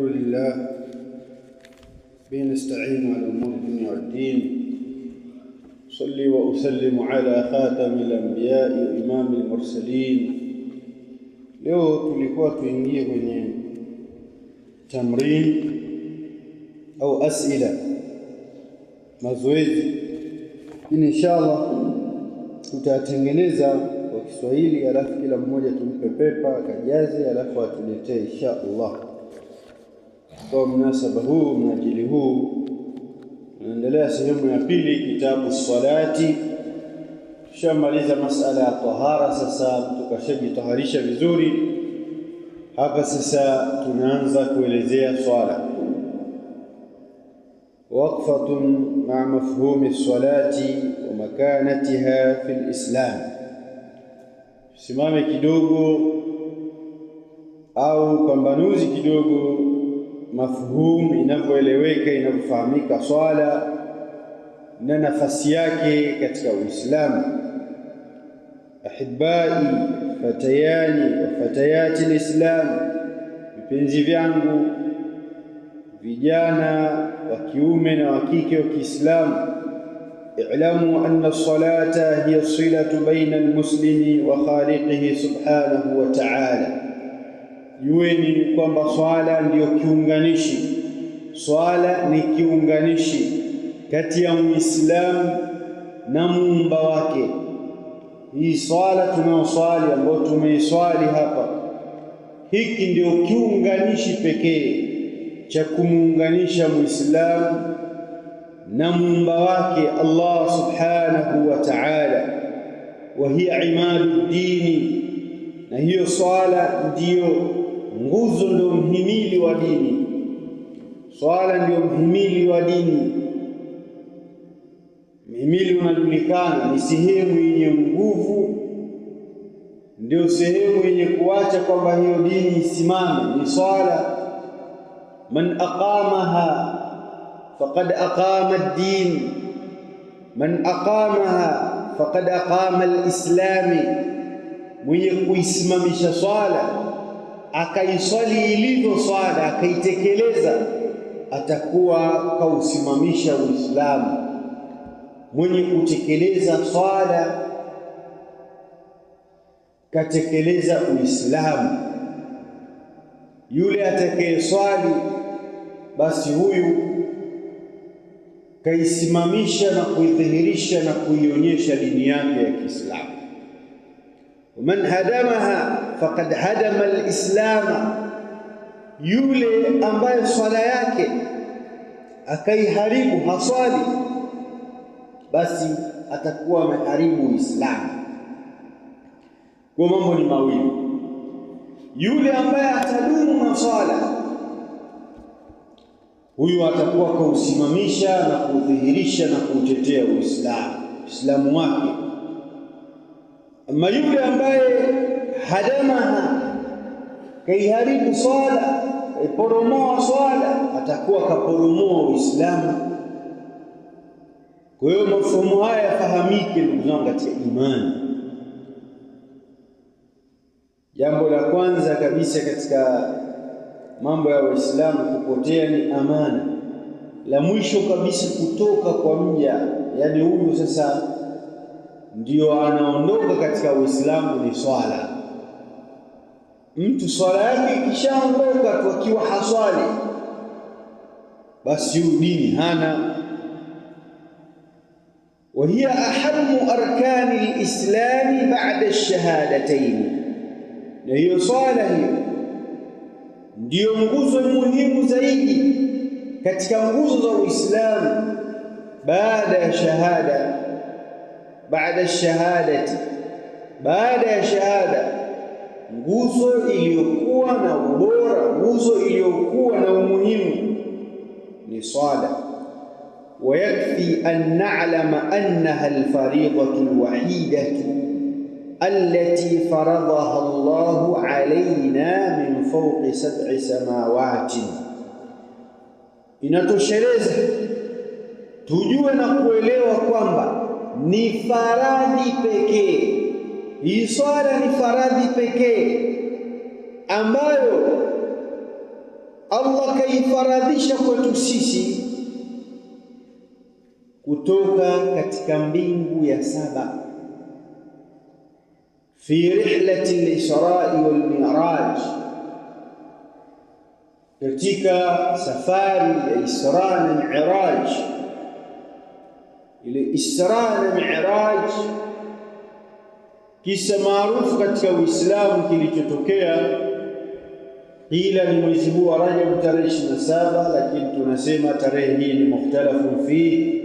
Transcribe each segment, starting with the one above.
الحمد لله به نستعين على امور الدنيا والدين صلي واسلم على خاتم الانبياء وامام المرسلين leo tulikuwa tuingie kwenye tamrin au asila mazoezi inshallah tutatengeneza kwa Kiswahili, alafu kila mmoja tumpe pepa akajaze, alafu atuletee insha Allah. Kwa mnasaba huu mnajili huu tunaendelea sehemu ya pili kitabu salati. Tushamaliza masala ya tahara, sasa tukashajitaharisha vizuri. Hapa sasa tunaanza kuelezea swala وقفة مع مفهوم الصلاة ومكانتها في الإسلام simame kidogo au pambanuzi kidogo mafhumu, inavyoeleweka, inavyofahamika swala na nafasi yake katika Uislamu. Ahibai fatayani wa fatayati lislam, vipenzi vyangu vijana wa kiume na wa kike wa Kiislamu, i'lamu anna salata hiya silatu baina almuslimi wa khaliqihi subhanahu wa ta'ala jueni kwamba swala ndiyo kiunganishi. Swala ni kiunganishi kati ya muislamu na muumba wake. Hii swala tunayoswali ambayo tumeiswali hapa, hiki ndio kiunganishi pekee cha kumuunganisha muislamu na muumba wake Allah subhanahu wa ta'ala. Wa hiya dini, na hiyo swala ndiyo Nguzo ndio mhimili wa dini, swala ndio mhimili wa dini. Mhimili unajulikana, ni sehemu yenye nguvu, ndio sehemu yenye kuacha kwamba hiyo dini isimame, ni swala. Man aqamaha faqad aqama ad-din, man aqamaha faqad aqama al-islami, mwenye kuisimamisha swala akaiswali ilivyo swala akaitekeleza, atakuwa kausimamisha Uislamu. Mwenye kutekeleza swala katekeleza Uislamu. Yule atakayeswali basi huyu kaisimamisha na kuidhihirisha na kuionyesha dini yake ya Kiislamu man hadamaha faqad hadama alislama, yule ambaye swala yake akaiharibu haswali, basi atakuwa ameharibu Uislamu. Kwa mambo ni mawili, yule ambaye atadumu na swala huyu atakuwa kausimamisha na kuudhihirisha na kuutetea Uislamu, Uislamu wake ama yule ambaye hadamaha kaiharibu swala kaiporomoa e, swala, atakuwa kaporomoa Uislamu. Kwa hiyo mafumo haya yafahamike, ndugu zangu, katika imani. Jambo la kwanza kabisa katika mambo ya Waislamu kupotea ni amana. La mwisho kabisa kutoka kwa mja, yaani huyu sasa ndiyo anaondoka katika Uislamu ni swala. Mtu swala yake ikishaondoka tu akiwa haswali, basi huyu dini hana. wa hiya ahamu arkani lislami baada lshahadataini, na hiyo swala hiyo ndiyo nguzo muhimu zaidi katika nguzo za Uislamu baada ya shahada baada ya shahadati, baada ya shahada, nguzo iliyokuwa na ubora, nguzo iliyokuwa na umuhimu ni swala. Wayakfi an na'lama annaha alfaridatu alwahidatu التي فرضها الله علينا من فوق سبع سماوات inatosheleza tujue na kuelewa kwamba ni faradhi pekee. Hii swala ni faradhi pekee ambayo Allah kaifaradhisha kwetu sisi kutoka katika mbingu ya saba fi rihlati lisrai walmiraj, katika safari ya Isra na Miraj ile Isra na Miraj, kisa maarufu katika Uislamu kilichotokea. Ila ni mwezi huu wa Rajab tarehe 27, lakini tunasema tarehe hii ni mukhtalafun fihi,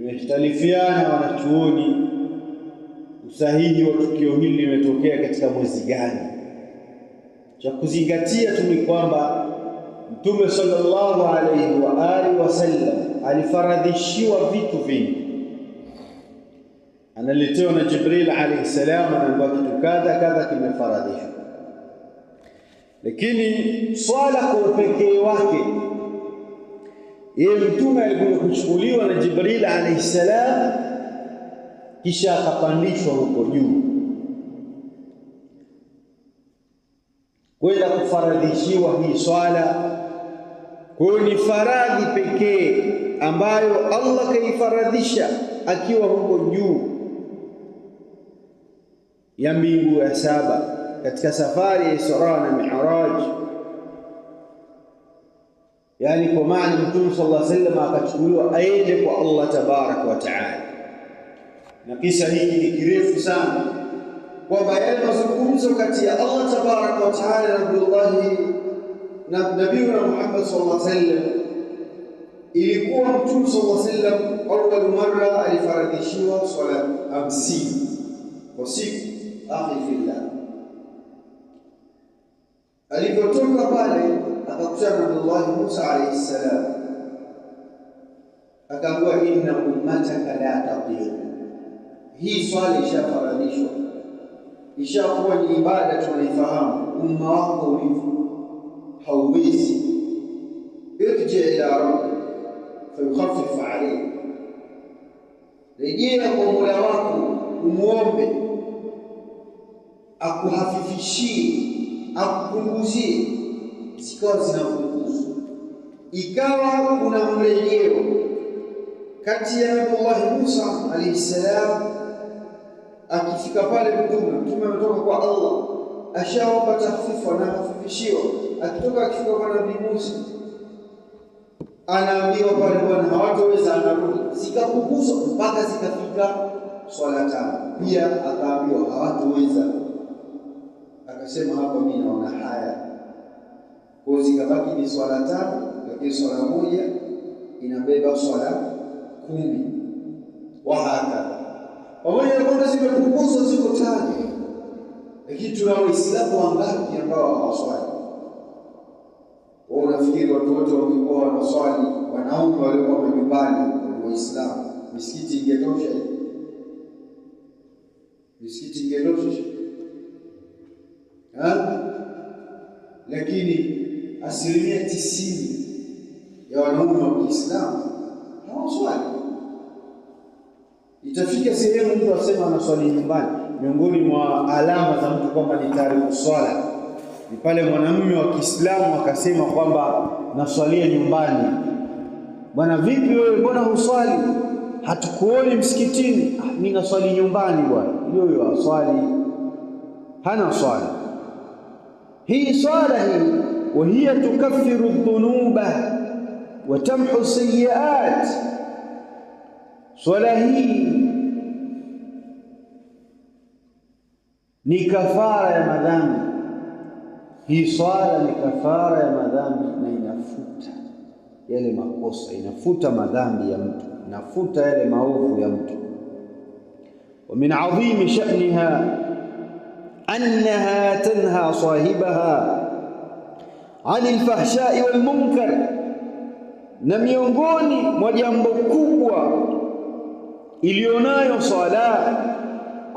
imekhtalifiana wanachuoni usahihi wa tukio hili limetokea katika mwezi gani. Cha kuzingatia tu ni kwamba Mtume sallallahu alaihi wa alihi wasallam alifaradhishiwa vitu vingi, analetewa na Jibril alayhi salam, anaambiwa kitu kadha kadha kimefaradhishwa. Lakini swala kwa upekee wake, yeye mtume alikuwa kuchukuliwa na Jibril alayhi salam, kisha akapandishwa huko juu kwenda kufaradhishiwa hii swala. Kwa hiyo ni faradhi pekee ambayo Allah kaifaradhisha akiwa huko juu ya mbingu ya saba katika safari ya Isra na Mi'raj, yaani kwa maana Mtume sallallahu alaihi wasallam akachukuliwa aende kwa Allah tabaraka wa taala. Na kisa hiki ni kirefu sana, kwamba yale mazungumzo kati ya Allah tabaraka wa taala na Abdullahi na Nabii Muhammad sallallahu alaihi wasallam Ilikuwa Mtume sallallahu alaihi wasallam awal mara alifaradhishiwa swala hamsini kwa siku. Akhi fillah, alipotoka pale akakutana na Abdullah Musa alayhi salam, akakuwa inna ummataka la tatiru, hii swala ishafaradhishwa, ishakuwa ni ibada tunaifahamu. Umma wako hivyo hauwezi irji ila rabb fayukhafifu alayhi. Rejea kwa Mola wako umuombe akuhafifishie, akupunguzie, zikawa zinapunguzwa. Ikawa kuna mrejeo kati ya Nabiullahi Musa alayhi salam akifika pale mtume, mtume ametoka kwa Allah ashawapa tahfifa na akitoka akifika kwa Nabii Musa anaambiwa pale bwana hawatoweza, anarudi zikapunguzwa mpaka zikafika swala tano. Pia akaambiwa hawatoweza, akasema hapo mimi naona haya kwa, zikabaki ni swala tano, lakini swala moja inabeba swala kumi. Wahakadha, pamoja na kwamba zimepunguzwa ziko tano, lakini tuna Waislamu wangapi ambao hawaswali nafikiri watu wote walikuwa wanaswali, wanaume walikuwa majumbani ni Waislamu, misikiti ingetosha, misikiti ingetosha, lakini asilimia tisini ya wanaume wa Kiislamu hawaswali. Itafika sehemu mtu asema anaswali nyumbani, miongoni mwa alama za mtu kwamba ni tariku ni pale mwanamume wa Kiislamu akasema kwamba naswalia nyumbani. Bwana vipi wewe, mbona huswali? hatukuoni msikitini. Ah, mimi naswali nyumbani bwana. Hiyo hiyo aswali, hana swali. Hii swala hii, wa hiya tukaffiru dhunuba wa tamhu sayiat, swala hii ni kafara ya madhambi Hii swala ni kafara ya madhambi na inafuta yale makosa, inafuta madhambi ya mtu, inafuta yale maovu ya mtu. wa min adhimi sha'niha annaha tanha sahibaha ani fahshai wal munkar, na miongoni mwa jambo kubwa iliyonayo swala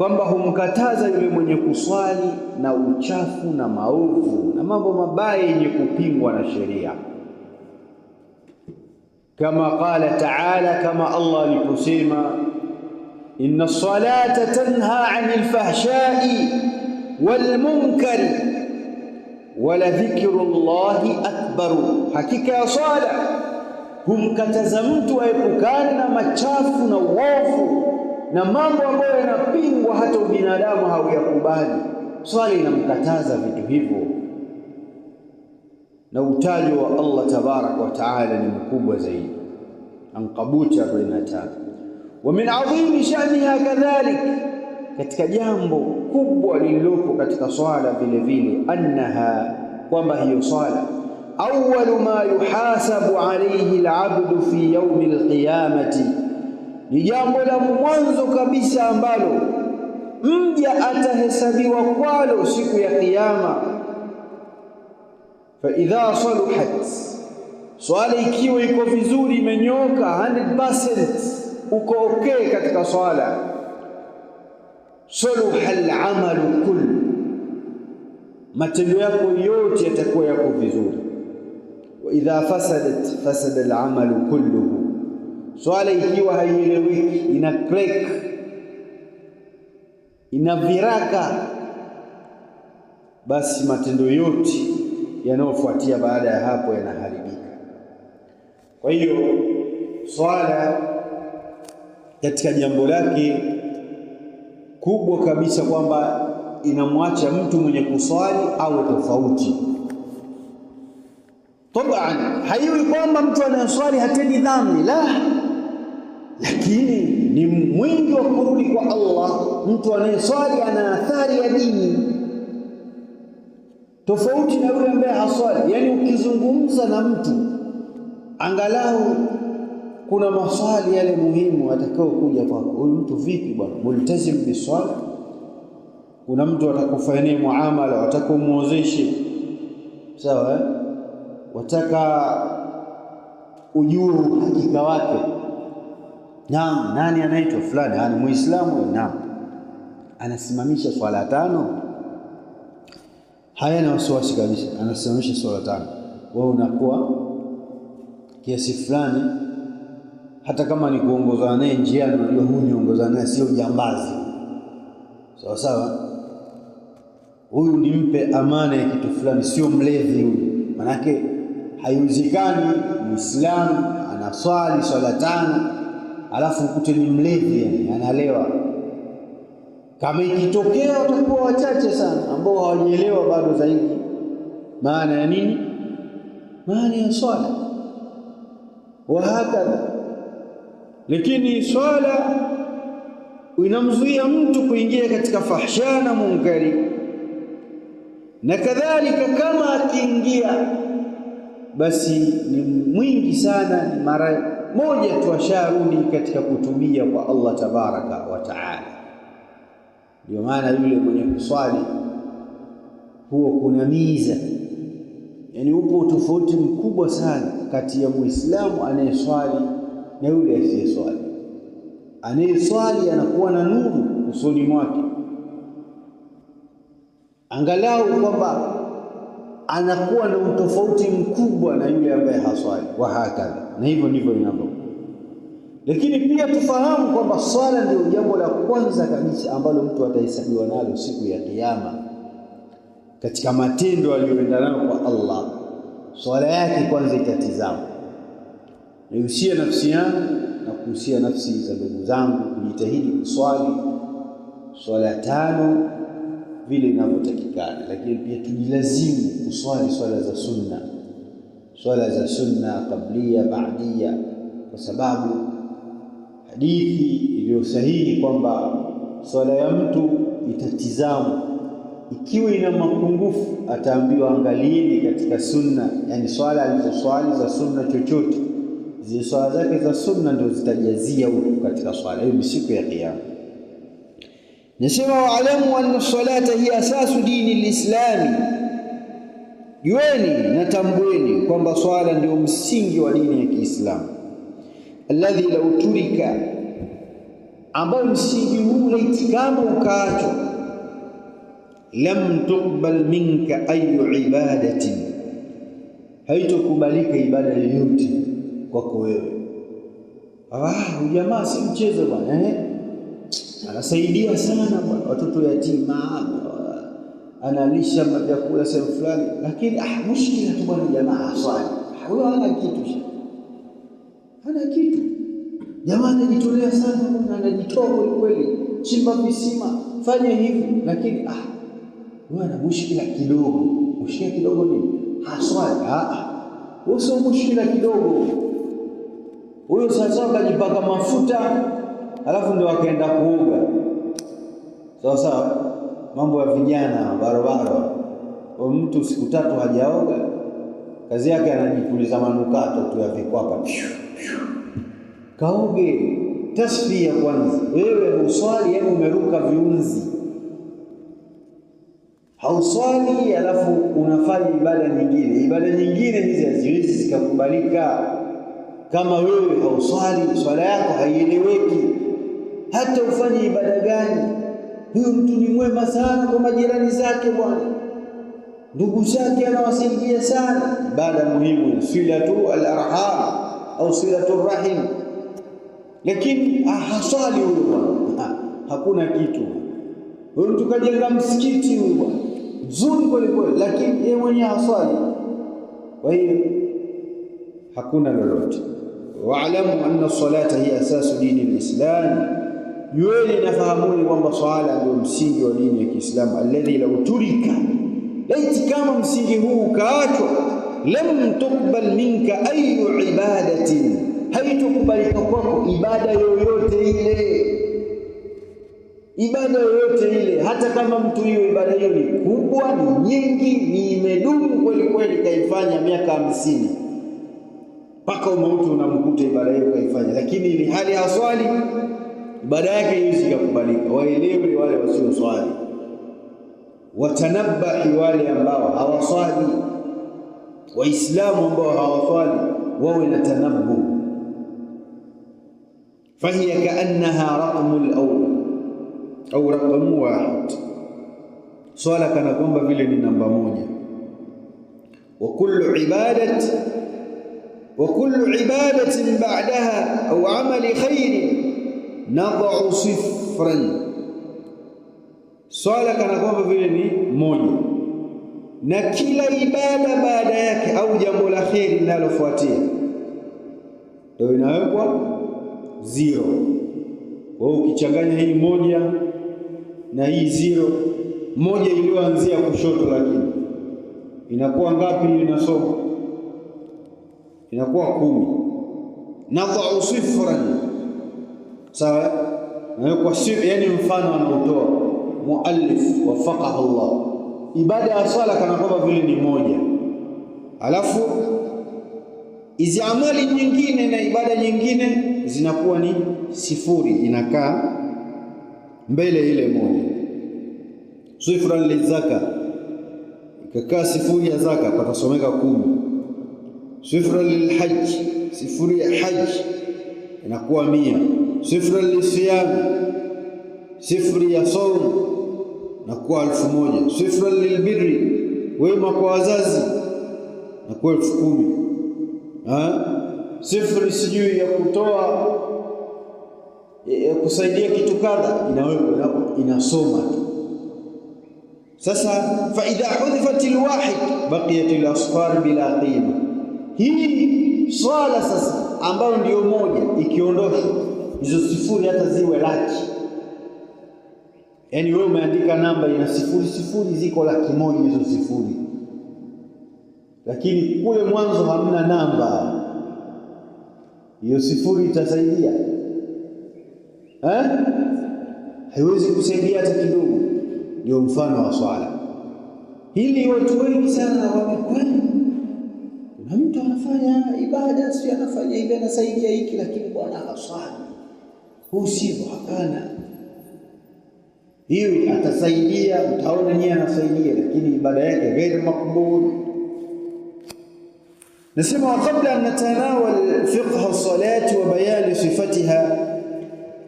kwamba humkataza yule mwenye kuswali na uchafu na maovu na mambo mabaya yenye kupingwa na sheria, kama qala taala, kama Allah aliposema, inna salata tanha anil fahshai wal munkari wala dhikru llahi akbaru, hakika ya swala humkataza mtu aepukane na machafu na uovu na mambo ambayo yanapingwa hata ubinadamu hauyakubali. Swali inamkataza vitu hivyo, na utajwa wa Allah tabaraka wa taala ni mkubwa zaidi. Ankabuti 45 wa min adhimi shaniha kadhalik, katika jambo kubwa lililopo katika swala vile vile, annaha kwamba hiyo swala awwalu ma yuhasabu alayhi alabdu fi yaumi alqiyamati ni jambo la mwanzo kabisa ambalo mja atahesabiwa kwalo siku ya Kiyama. Fa idha saluhat, swala ikiwa iko vizuri, imenyoka 100% uko okay katika swala, saluha alamalu kullu, matendo yako yote yatakuwa yako vizuri. Wa idha fasadat fasada alamalu kulluhu swala ikiwa haieleweki, ina crack, ina viraka, basi matendo yote yanayofuatia baada ya hapo yanaharibika. Kwa hiyo swala katika jambo lake kubwa kabisa kwamba inamwacha mtu mwenye kuswali awe tofauti. Taban, haiwi kwamba mtu anayeswali hatendi dhambi la lakini ni mwingi wa kurudi kwa Allah. Mtu anayeswali ana athari ya dini tofauti na yule ambaye haswali. Yaani, ukizungumza na mtu angalau kuna maswali yale muhimu atakao kuja kwako, huyu mtu vipi bwana, multazim biswala. Kuna mtu atakufanyia muamala, wataka umuozeshe, sawa, eh? wataka ujuru hakika wake Naam, nani anaitwa fulani? Ni yaani Muislamu. Naam, anasimamisha swala tano, haya na wasiwasi kabisa, anasimamisha swala tano. Wewe unakuwa kiasi fulani, hata kama ni kuongozana naye njiani, unajua huyu niongozana naye sio jambazi, sawa sawa. Huyu nimpe amana ya kitu fulani, sio mlevi huyu, manake haiwezekani Muislamu anaswali swala tano alafu ukute ni mlevi, yani analewa. Kama ikitokea watakuwa wachache sana ambao hawajielewa bado zaidi maana ya nini, maana ya swala wahakadha. Lakini swala inamzuia mtu kuingia katika fahsha na munkari, na kadhalika kama akiingia basi ni mwingi sana, ni mara moja tu asharudi katika kutubia kwa Allah tabaraka wa taala. Ndio maana yule mwenye kuswali huo kuna miza, yaani upo utofauti mkubwa sana kati ya muislamu anayeswali na yule asiyeswali. Anayeswali anakuwa na nuru usoni mwake, angalau kwamba anakuwa na utofauti mkubwa na yule ambaye haswali. Wahakadha na hivyo ndivyo inavyo. Lakini pia tufahamu kwamba swala ndio jambo la kwanza kabisa ambalo mtu atahesabiwa nalo siku ya Kiyama katika matendo aliyoenda nayo kwa Allah. Swala yake kwanza itatizama. Niusia nafsi yangu na kuhusia nafsi za ndugu zangu kujitahidi kuswali swala tano vile inavyotakikana, lakini pia tujilazimu kuswali swala za sunna swala za sunna qablia baadia, kwa sababu hadithi iliyo sahihi kwamba swala ya mtu itatizamwa, ikiwa ina mapungufu ataambiwa angalieni katika sunna, yani swala alizoswali za sunna chochote, zile swala zake za sunna ndio zitajazia huko katika swala hiyo, ni siku ya Kiyama. Nasema waalamu anna salata hiya asasu dini lislami Jueni na tambueni kwamba swala ndio msingi wa dini ya Kiislamu, alladhi lau turika, ambayo msingi huu laiti kama ukaachwa, lam tuqbal minka ayu ibadatin, haitokubalika ibada yoyote kwako wewe. Ah, ujamaa si mchezo bwana, eh? Anasaidia sana bwana, watoto yatima analisha vyakula sehemu fulani, lakini ah, mushkila tu bwana, jamaa haswali, huyo hana kitu, hana kitu. Jamaa anajitolea sana, anajitoa kwelikweli, chimba visima, fanya hivi, lakini ah, huyo ana mushkila kidogo. Mushkila kidogo nini? Haswali. huyo ah, ah. sio mushkila kidogo, huyo sasa kajipaka mafuta, alafu ndio akaenda kuoga, sawa sawa mambo ya vijana barobaro. Mtu siku tatu hajaoga, kazi yake anajipuliza manukato tu ya vikwapa, kaoge tasfia kwanza. Wewe uswali, hebu umeruka viunzi, hauswali alafu unafanya ibada nyingine. Ibada nyingine hizi haziwezi zikakubalika kama wewe hauswali, swala yako haieleweki, hata ufanye ibada gani Huyu mtu ni mwema sana kwa majirani zake, bwana ndugu zake anawasaidia sana. Ibada muhimu, silatu alarham au silatu rahim, lakini ah, haswali huyu bwana hakuna kitu. Huyu mtu kajenga msikiti huyu bwana mzuri kwelikweli, lakini yeye mwenye haswali. Kwa hiyo hakuna lolote. Waalamu anna salata hiya asasu dini lislam Jueni nafahamuni kwamba swala ndio msingi wa dini ya Kiislamu, alladhi lau turika, laiti kama msingi huu ukaachwa, lam tuqbal minka ayu ibadatin, haitokubalika kwako ibada yoyote ile, ibada yoyote ile, hata kama mtu hiyo ibada hiyo ni kubwa, ni nyingi, ni imedumu kweli kweli, kaifanya miaka hamsini mpaka umauti unamkuta ibada hiyo kaifanya, lakini ili hali haswali ibada yake hiyo isikakubalika. Waelewe wale wasioswali, watanabahi wale ambao hawaswali, waislamu ambao hawaswali wawe na tanabbu. fahiya kaannaha raqmu lawal au raqmu wahid, swala kana kwamba vile ni namba moja. wa kullu ibadati wa kullu ibadatin ba'daha au amali khairin nadau sifran, swala kana kwamba vile ni moja, na kila ibada baada yake au jambo la kheri linalofuatia ndio inawekwa zero. Kwa hiyo ukichanganya hii moja na hii zero, moja iliyoanzia kushoto, lakini inakuwa ngapi? Inasoma inakuwa kumi. Nadau sifran sawa. Na kwa sifa yani mfano anaotoa muallif wafaqahu Allah, ibada ya swala kana kwamba vile ni moja, alafu hizi amali nyingine na ibada nyingine zinakuwa ni sifuri, inakaa mbele ile moja, sifran lizaka ikakaa sifuri ya zaka, patasomeka kumi. Sifran lilhaji, sifuri ya haji inakuwa mia sifra lisiyam, sifri ya saumu na kuwa elfu moja. Sifra lilbiri wema kwa wazazi na kuwa elfu kumi. Sifri sijui ya kutoa ya kusaidia kitu kadha inawekwa hapo, inasoma tu. Sasa fa idha hudhifat alwahid baqiyat alasfar bila qima. Hii swala sasa ambayo ndio moja ikiondoshwa hizo sifuri hata ziwe laki. Yaani wewe umeandika namba ina sifuri sifuri, ziko laki moja hizo sifuri, lakini kule mwanzo hamna namba, hiyo sifuri itasaidia eh? Haiwezi kusaidia hata kidogo. Ndio mfano wa swala hili. Watu wengi sana wamekwenda kuna mtu anafanya ibada, si anafanya hivi, anasaidia hiki, lakini bwana haswali huu sio, hapana. Hiyo atasaidia, mtaona nyewe anasaidia, lakini ibada yake ghairi makbul. Nasema wa qabla an natanawal fiqh as-salati wa bayan sifatiha,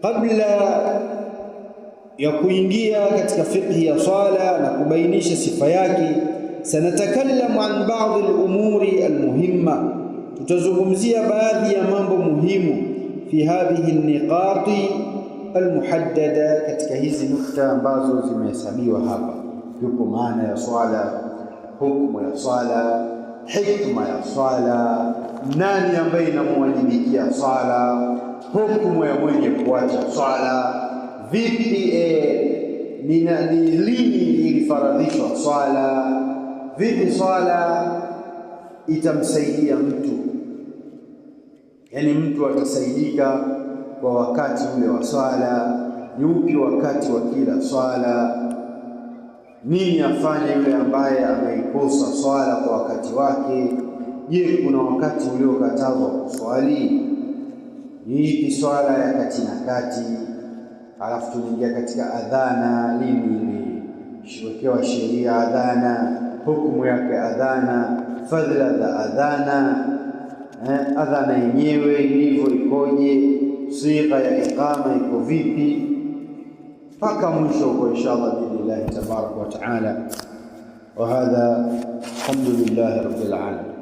qabla ya kuingia katika fiqhi ya swala na kubainisha sifa yake, sanatakallamu an ba'd al-umuri al-muhimma, tutazungumzia baadhi ya mambo muhimu fi hadhihi niqati almuhaddada, katika hizi nukta ambazo zimehesabiwa hapa, yupo maana ya swala, hukumu ya swala, hikma ya swala, nani ambaye inamwajibikia swala, hukumu ya mwenye kuacha swala, vipi eh, ni lini ilifaradhishwa swala, vipi swala itamsaidia yaani mtu atasaidika kwa wakati ule wa swala. Ni upi wakati wa kila swala? Nini afanye yule ambaye ameikosa swala kwa wakati wake? Je, kuna wakati uliokatazwa kuswali? Ni ipi swala ya kati na kati? Alafu tunaingia katika adhana. Lini iliwekewa sheria adhana, hukumu yake adhana, fadhila za adhana eh, adha na yenyewe ilivyo ikoje, sigha ya iqama iko vipi, mpaka mwisho huko inshallah biidhnillahi tabaraka wa taala. Wa hadha alhamdulillahi rabbil alamin.